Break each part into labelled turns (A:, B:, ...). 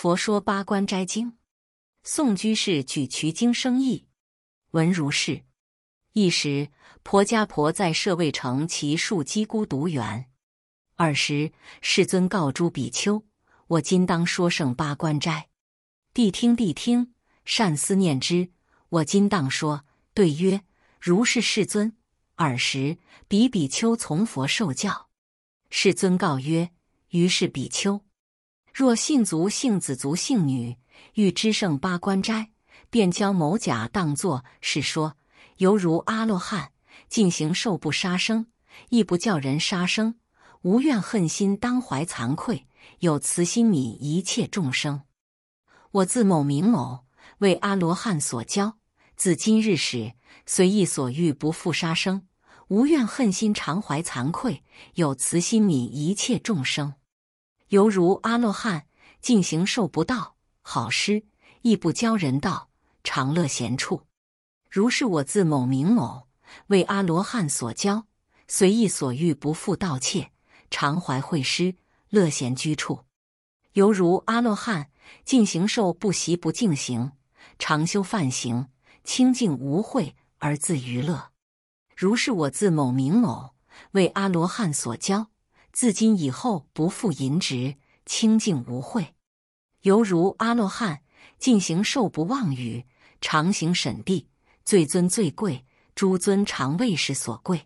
A: 佛說八關齋經，宋沮渠京聲譯，聞如是。一時婆迦婆在舍衛城，祇樹給孤獨園。爾時世尊告諸比丘：“我今當說聖八關齋。”諦聽！諦聽！善思念之。我今當說。對曰：“如是，世尊。二時”爾時彼比丘從佛受教。世尊告曰：“於是比丘。”若信族姓子族姓女欲知聖八關齋，便教某甲當作是說，猶如阿羅漢，盡形壽不殺生，亦不教人殺生，無怨恨心，當懷慚愧，有慈心愍一切眾生。我字某名某，為阿羅漢所教，自今日始，隨意所欲不復殺生，無怨恨心，常懷慚愧，有慈心愍一切眾生。猶如阿羅漢，盡形壽不盜好施，亦不教人盜，常樂閑處。如是我字某名某，為阿羅漢所教，隨意所欲，不復盜竊，常懷惠施，樂閑居處。猶如阿羅漢，盡形壽不習不淨行，常修梵行，清淨無穢而自娛樂。如是我字某名某，為阿羅漢所教。自今已後不復淫劮，清淨無穢，猶如阿羅漢，盡形壽不妄語，常行審諦，最尊最貴，諸尊長為世所貴。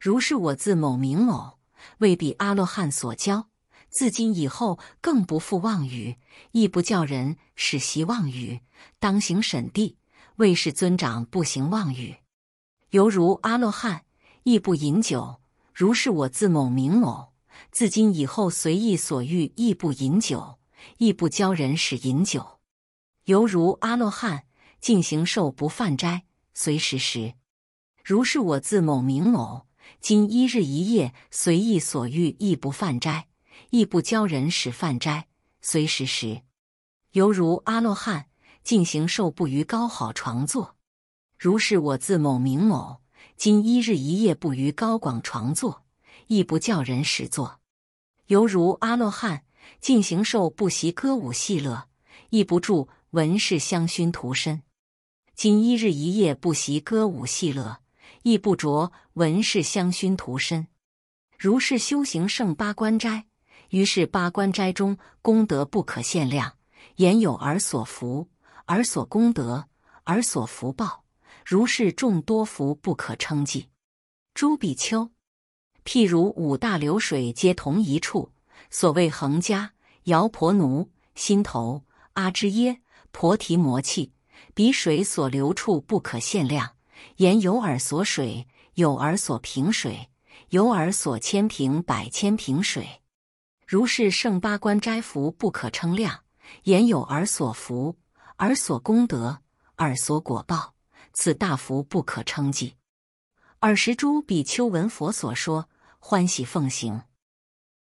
A: 如是我字某名某，為彼阿羅漢所教，自今已後更不復妄語，亦不教人使習妄語，當行審諦，為世尊長不行妄語，猶如阿羅漢，亦不飲酒。如是我字某名某。自今以後，隨意所欲，亦不飲酒，亦不教人使飲酒，猶如阿羅漢，盡形壽不犯齋，隨時食。如是我字某名某，今一日一夜隨意所欲，亦不犯齋，亦不教人使犯齋，隨時食。猶如阿羅漢，盡形壽不於高好床坐。如是我字某名某，今一日一夜不於高廣床坐。亦不教人使坐，猶如阿羅漢，盡形壽不習歌舞戲樂，亦不著紋飾香熏塗身。今一日一夜不習歌舞戲樂，亦不着紋飾香熏塗身。如是修行聖八關齋，於是八關齋中功德不可限量，言有爾所福，爾所功德，爾所福報，如是眾多福不可稱計。諸比丘。譬如五大流水皆同一處，所謂恆伽、謠婆奴、新頭、阿脂耶、婆提摩棄，彼水所流處不可限量。言有爾所水，有爾所瓶水，有爾所千瓶、百千瓶水。如是聖八關齋福不可稱量，言有爾所福，爾所功德，爾所果報，此大福不可稱計。爾時諸比丘聞佛所說。歡喜奉行。